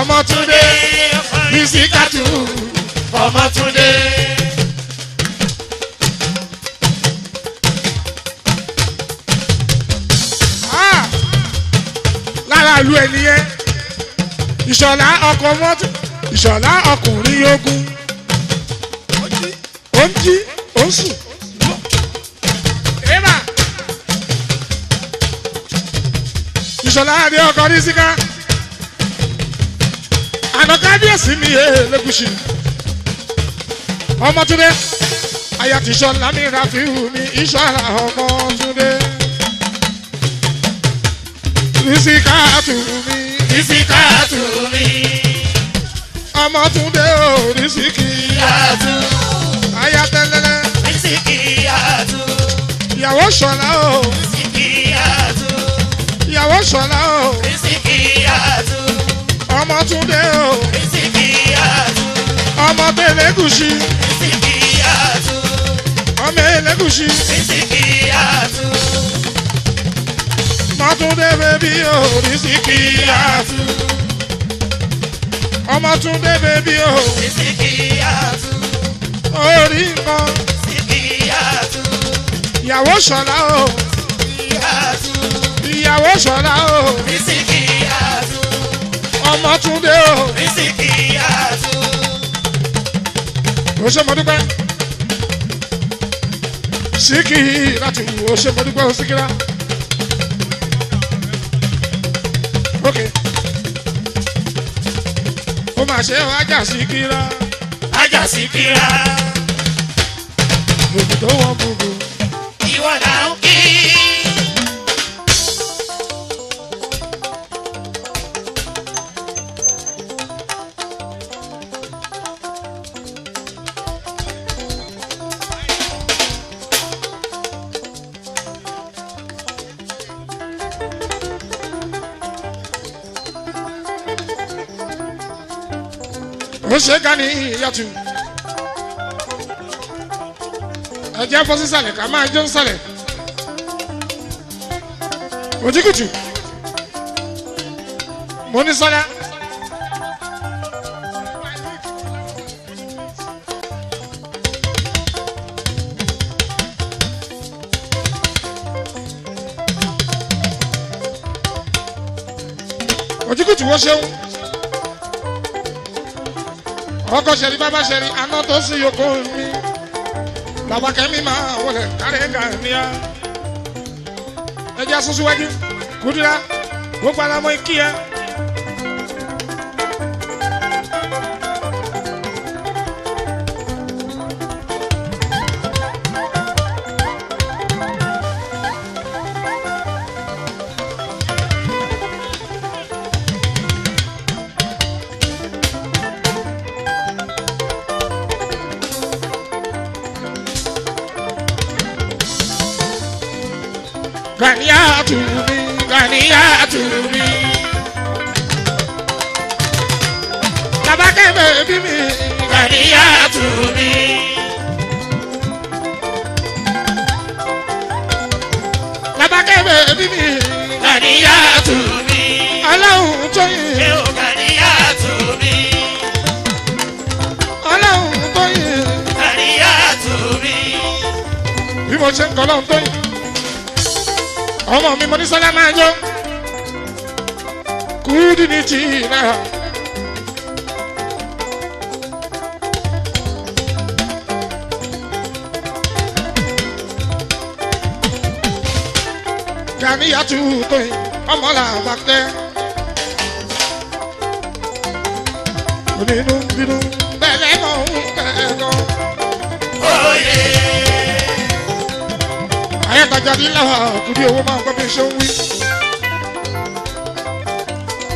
Ọmọ́túndé bisikatu Ọmọ́túndé. Ah! lára ìlú ẹni yẹn ìṣọ̀lá ọkọ̀ mọ́tò ìṣọ̀lá ọkùnrin ogun ó ń jí ó ń sùn. ìṣọ̀lá àdé ọkọ̀ ní síká àná kábíyèsí mi yé eh, lẹ́gùsì ọmọ túnde aya ti sọlá mi rafiu mi ìṣọlá ọmọ túnde ìsìkáàtù mi ìsìkáàtù mi ọmọ túnde ò ní síkìyàtù aya tẹlẹlẹ síkìyàtù ìyàwó sọlá ò síkìyàtù ìyàwó sọlá ò ọmọ túndé o. Ìsìkìyàtú. ọmọ tó elégùsì. Ìsìkìyàtú. ọmọ elégùsì. Ìsìkìyàtú. mọ́túndé bèbí o. Ìsìkìyàtú. ọmọ túndé bèbí o. Ìsìkìyàtú. orí nǹkan. Ìsìkìyàtú. ìyàwó sọ̀la o. Ìsìkìyàtú. ìyàwó sọ̀la o. Ìsìkìyàtú. Ọmọ́túndé o. Bísíkì Yàtú. Ó ṣe mo dúpẹ́. Síkì láti wù ó ṣe mo dúpẹ́ o síkìrá. Ok. Ó mà ṣe ó ajá síkìrá. Ajá síkìrá. Lòdì tó gbogbo. ṣe ká ní ìyàtú ẹ jẹ́ fọ́ sísàlẹ̀ ká máa jó sísàlẹ̀ òjìkùtù mo ní sọ́lá. òjìkùtù wọ́n ṣeun. kọ́kọ́ ṣẹ̀rí bàbá ṣẹ̀rí aná tó sì yòókù mi bàbá kẹ́mi máa wọlé kárẹ́ gàmíà ẹjẹ́ asosíwájú kúdúrà gbogbo alamọ ikí yẹn. ṣe ń kọ́ lọ́hún tó yìí ọmọ mi Mọ́nísọ́lá máa jó kúdì ní tì í náà. Ganiyatu tó yìí ọmọ làwọn akẹ́ onínú bínú. àjàdílà kùdí owó máa ń gbọ́ bí ṣe ń wí.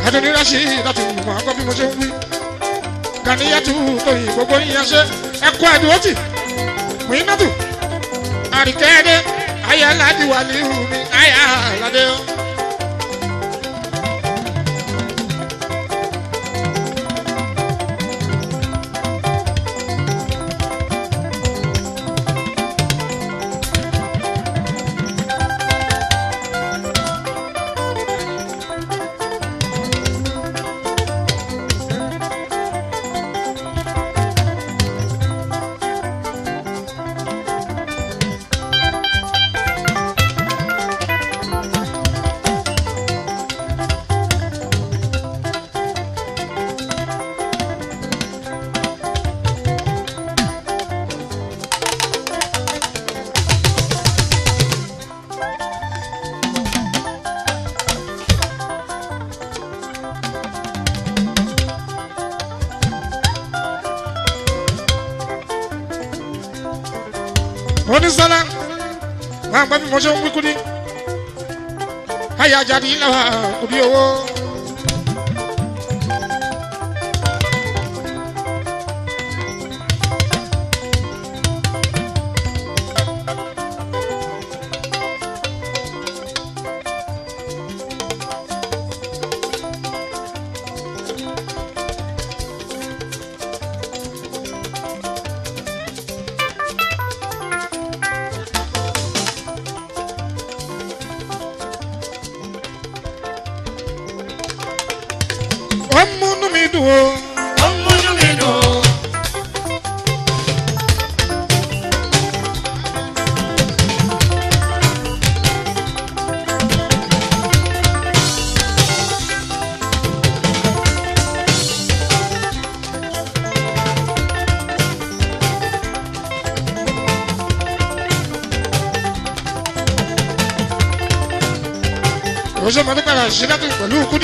àdóníláṣí láti wù máa ń gbọ́ bí mo ṣe ń wí. gàníyàtú tóyìn gbogbo yíyan ṣe ẹkọ àdúrótì mìínàtù àríkẹ́ẹ́dẹ́ ayé aládìwálé mi ayé aládé ọ́. wọ́n ní sọ́lá wọ́n àgbà bí mo ṣe ń wíkú ní. káyà jáde ìlà owó.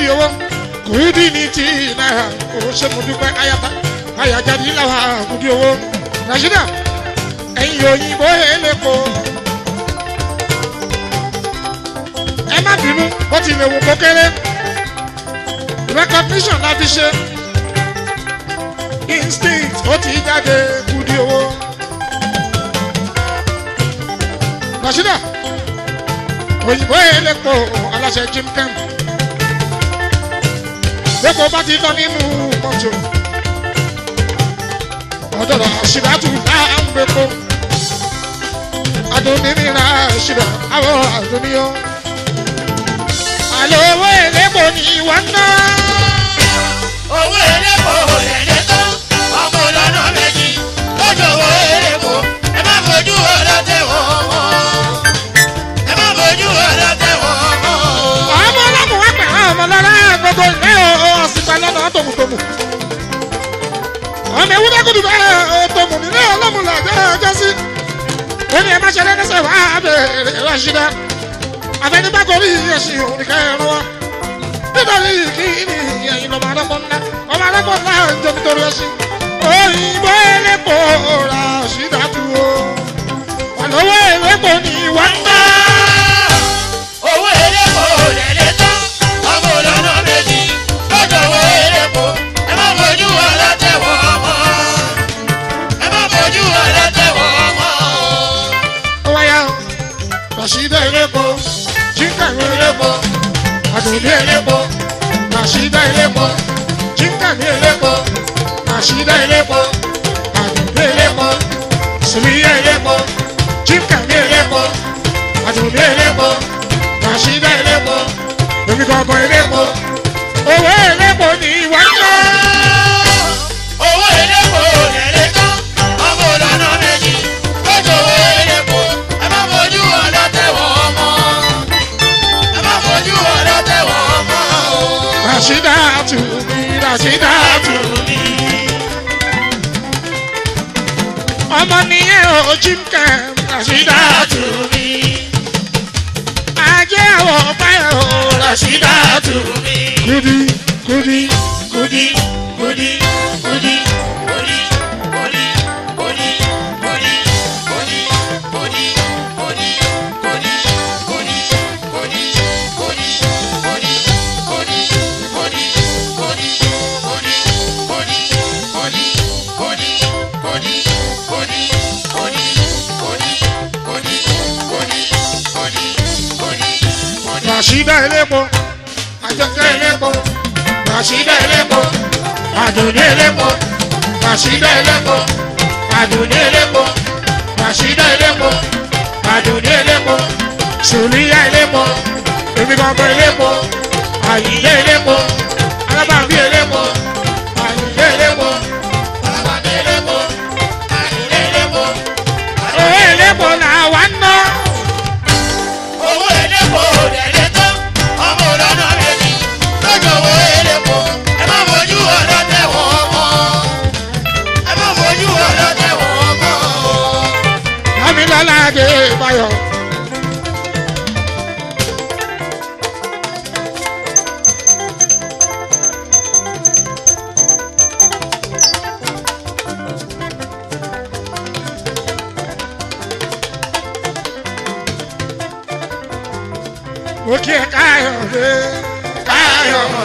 owó kò í dì ní ti náírà kò ṣe mo dúpẹ́ ayata ayájáde ńláwà kò dí owó nàìjíríà ẹ̀yin òyìnbó eléko ẹ má bínú bó ti lè wù kó recognition la fi ṣe instinct ó ti jáde kò dí owó nàìjíríà òyìnbó eléko aláṣẹ jim kemp. Boko bá ti tán nínú mọ́tò. Ọ̀dọ̀dọ̀ àṣìbátú bá ń beko. Adoni ní ra àṣìbá àwọn àdúnyọ. Àlọ́ owó èlépo ni ìwà ń ná. Owó èlépo ò Ọmọ ọlọ́nà méjì. Lọ́jọ́ owó èlépo, ẹ má fojú ọlọ́tẹ̀. tòmùtòmù ọmọ ewúrẹ́ kò dùdú tòmù nílé ọlọ́mùlà jẹ́ sí ẹni ẹ má ṣe lẹ́kẹsẹ̀ wá abẹ́rẹ́ ìrọ̀ṣídá abẹnibagorí ẹ̀sìn òrìkà ẹ̀rọ wa nítorí kí ni ẹ̀yin lọ́mọ adọ́kọ̀ ńlá ọmọ adọ́kọ̀ ńlá ń jẹ́ nítorí ẹ̀sìn òyìnbó ẹlẹ́kọ̀ọ́ rà. mi elépo Rashida elépo Chika mi elépo Rashida elépo elepo, elépo Sùmíyà elépo Chika mi elépo Àdùnú elépo Rashida elépo Èmi gbọ̀ngàn elepo. Owó elépo. Rashidatu mi, Rashidatu mi. Ọmọ nìyẹn o Jim Cam, Rashidatu mi. Ajé àwọ̀ báyọ̀ o, Rashidatu mi. Kudi, kudi, kudi, kudi, kudi. Rashida elépo Àjọkẹ́ elépo Rashida elépo Àdùnní elépo Rashida elépo Àdùnní elépo Rashida elépo Àdùnní elépo Sùlíyà elépo Èmi gbàgbọ́ elépo Àyíyá elépo.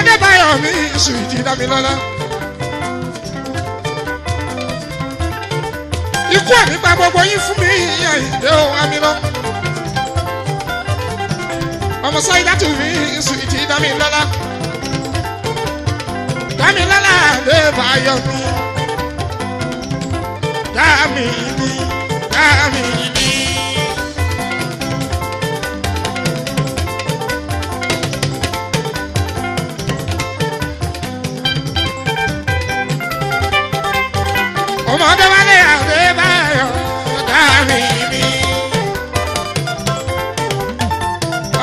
adébáyọ̀ mi sùjì dámilọ́lá. ikú àmì pa gbogbo yín fún mi ìyá ìdè ohun amílọ́. ọmọ sáyidá tù mí sùjì dámilọ́lá. dámilọ́lá adébáyọ̀ mi dámì ní dámì ní. Ọdẹ́bálẹ̀ Adébáyọ̀ ọ̀gá mi ni.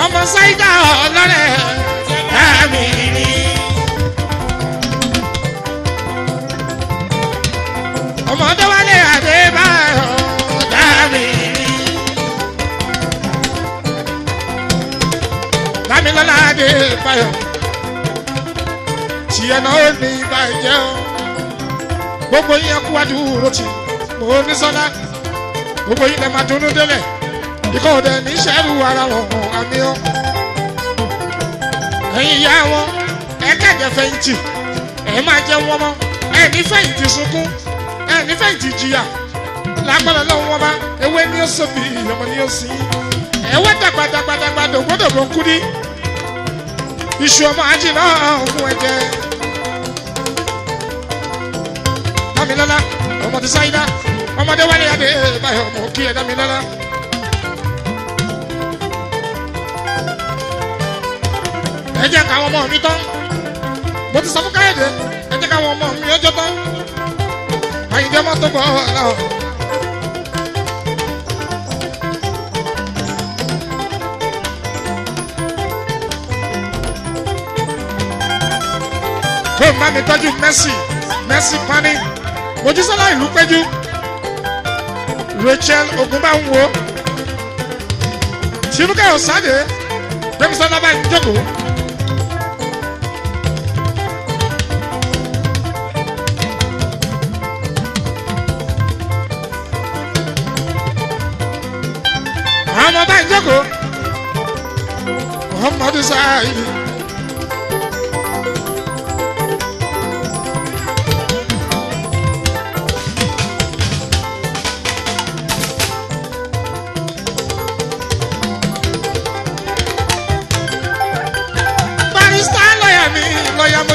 Ọmọ Ṣáídà ọlọ́rẹ̀ ọ̀gá mi ni. Ọmọ Ọdẹ́bálẹ̀ Adébáyọ̀ ọ̀gá mi ni. Lámilọ́lá Adébáyọ̀ tiẹ̀ náà ó ní ìbàjẹ́ gbogbo yín ẹkú adúró tì mò ń ní sọ́lá gbogbo yín lè máa dunnú délẹ̀ ikọ̀ òde ní sẹ́rù ara wọn hàn àmì ọ́ ẹ̀yin ìyá wọn ẹ kẹ̀jẹ̀ fẹ̀yìntì ẹ máa jẹ́ wọn mọ́ ẹ ní fẹ̀yìntì sunkún ẹ ní fẹ̀yìntì jìyà lágbára lọ́wọ́ wọn bá ewé ní ó bí ọmọ ní ó sì í ẹ wá dàgbàdàgbàdàgbà dògbòdògbò kú iṣu ọmọ ajínà ọ̀hún ẹ̀jẹ̀. Dámilọ́lá ọmọ ti sáyidá ọmọdé wálé adé báyọ̀ ọmọ kí ẹ Dámilọ́lá. ẹ jẹ́ káwọn ọmọ mi tán mo ti sọ fún Káyọ̀dé ẹ jẹ́ káwọn ọmọ mi ọjọ́ tán Àyìndé ọmọ tó bọ̀ ọ́ o má mi tọ́jú Mercy Mercy pani. Mojísọ́lá ìlú péjú Rachel Ogunbánwo Tinúkẹ́ Ọ̀sádé Gbẹ́misọ́lá báyìí ń jókòó. Àwọn ọmọ báyìí ń jókòó. Muhammadu sáà yìí.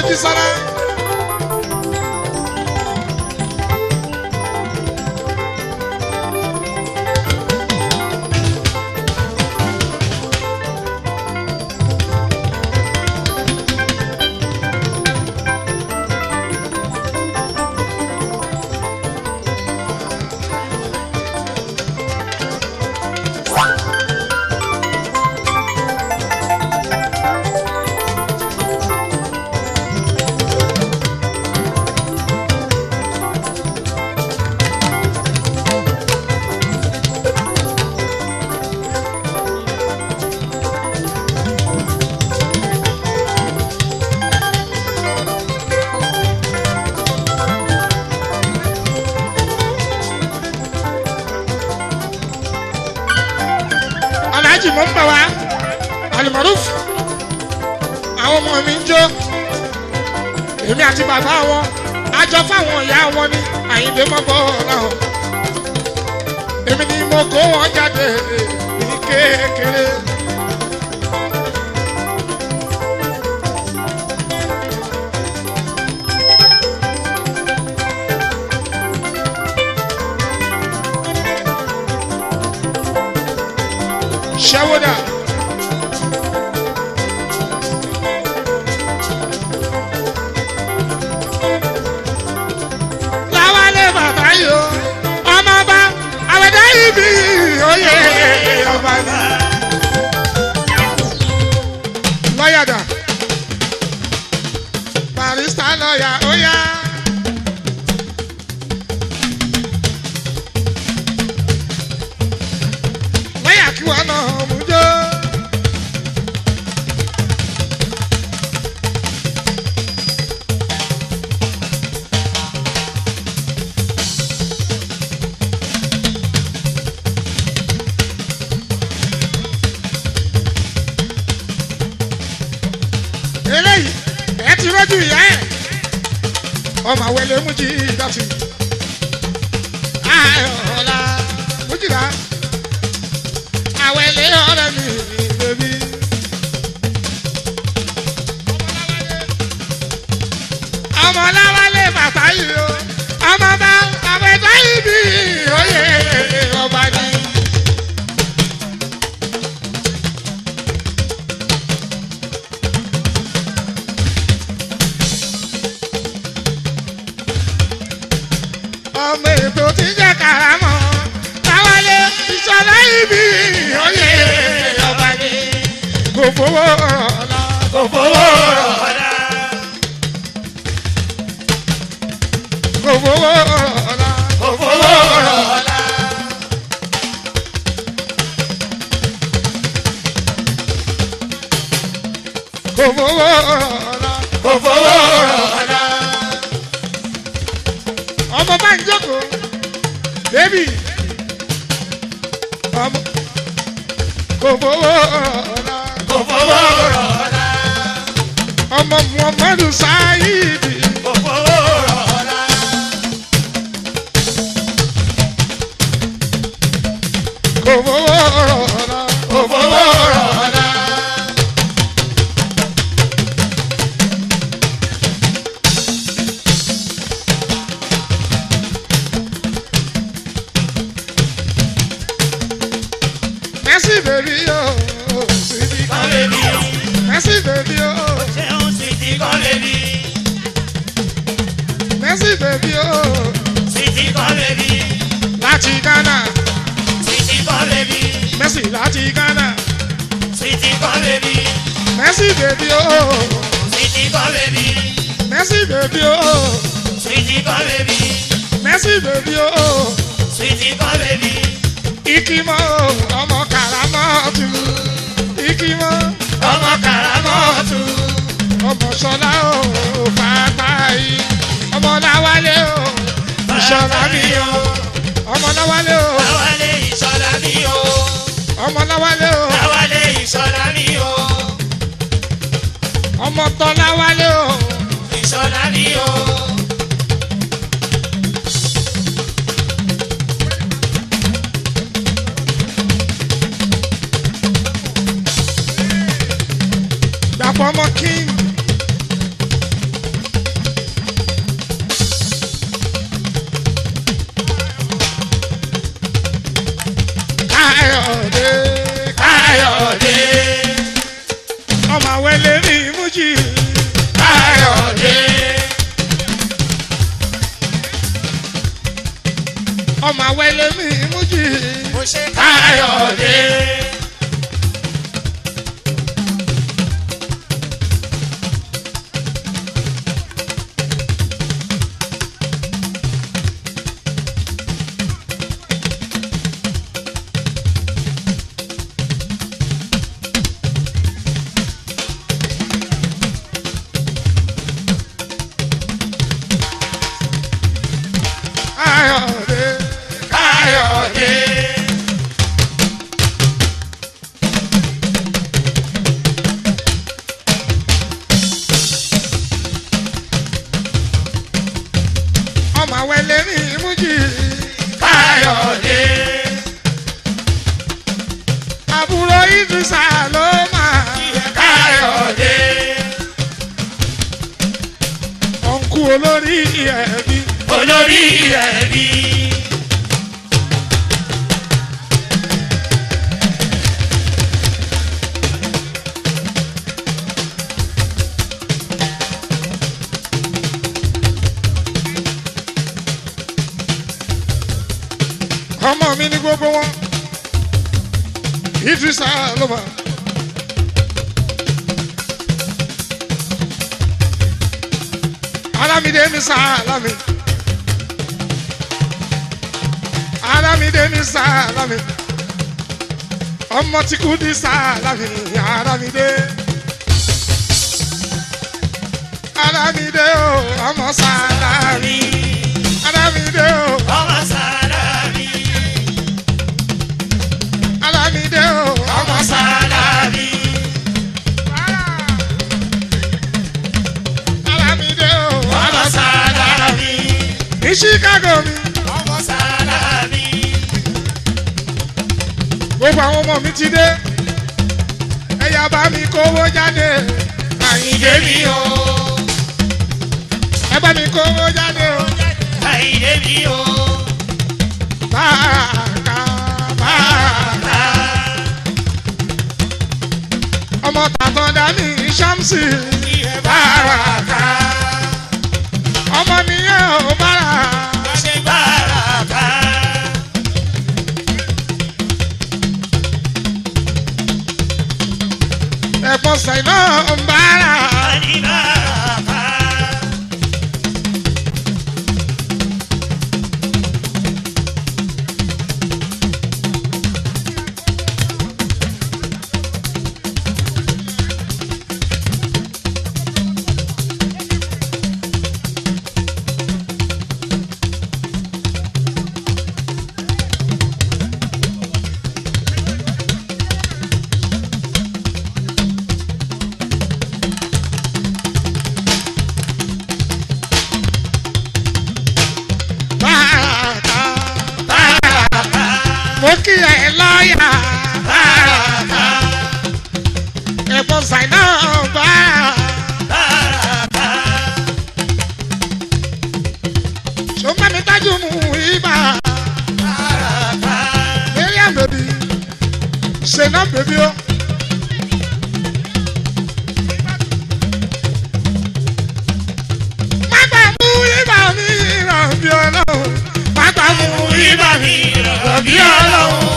de Sarai. Nàìjíríà. Láwálé bàbá yìí o, ọmọ ọba, àwẹ̀dá Mercy baby oh, sweetie kan lè ní. Mercy baby oh, o ṣeun sweetie kan lè ní. baby oh, sweetie kan lè ní. Láti Ghana. Sweetie kan lè ní. Mercy láti Ghana. Sweetie kan lè ní. Mercy baby oh, sweetie kan lè ní. Mercy baby oh, sweetie kan lè ní. Mercy baby oh, sweetie kan lè ní. Ikima oh, ọmọ Karamọ́tù ikimọ́ ọmọ Karamọ́tù ọmọ Ṣọlá o Fàtáì ọmọ Láwálé o Ìṣọ̀lá mi o ọmọ Láwálé o Láwálé Ìṣọ̀lá mi o ọmọ Láwálé o Láwálé Ìṣọ̀lá mi o ọmọ Tọ́láwálé o Ìṣọ̀lá mi o. I'm a king. ló fà. alámídé ní sáà lámì. alámídé ní sáà lámì. ọmọ tí kú mi sáà lámì alámídé. alámídé o ọmọ sáà mi alámídé o ọmọ sáà. Chicago mi. ọmọ sàrà mi. gbogbo àwọn ọmọ mi ti dé ẹ̀yà bá mi kówó jáde. àyìnjẹ́ mi o. ẹ bá mi kówó jáde o. àyìnjẹ́ mi o. bàkà bàkà. ọmọ tàtàn dání Shamsi. bàkà. ọmọ nìyẹn o. mọ sàìmọ ọmbàrà. àdìbà. Shena baby o. Mata mu ibà mi ràn bí ọlọ́run. Mata mu ibà mi ràn bí ọlọ́run.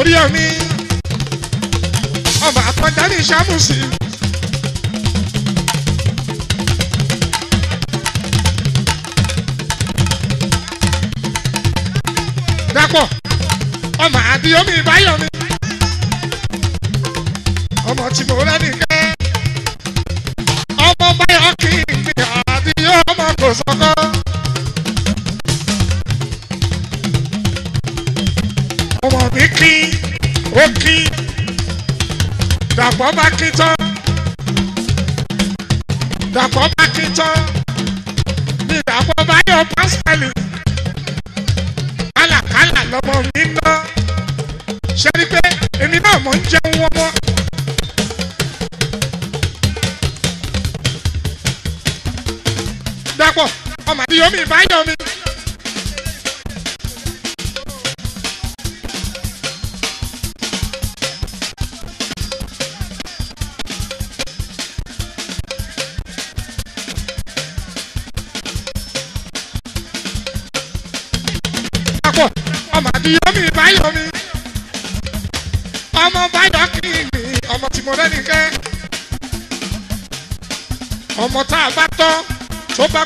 torí omi ọmọ àpọ̀dá ní sàmùsì. dapò ọmọ àbíyọmí báyọmí. Grab on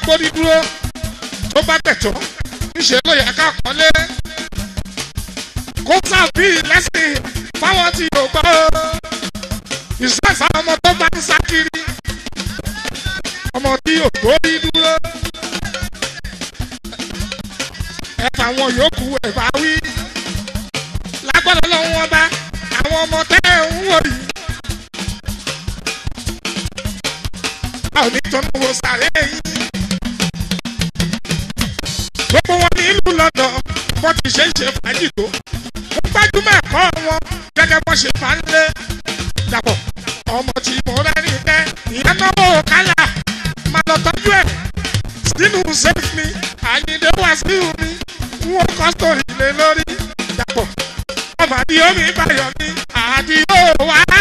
gbórí dúró tó bá tẹ̀tọ́ níṣẹ́ ló yẹ ká pọ́nlé kó sàbí lẹ́sìn fáwọn tí yòókù. bó ti ṣe ń ṣe fàájì tó wọ́n gbájúmọ̀ ẹ̀kọ́ wọn gẹ́gẹ́ bó ṣe máa ń lé dàpọ̀ ọmọ tí mo rẹ́rìn pẹ́ ìyẹn náwó kálá máa lọ tọ́jú ẹ̀ sínú safe mi àyíndé wá sí mi n kọ́ sórí lé lórí dàpọ̀ ọmọ àdìyó mi báyọ̀ mi àdìyó wá.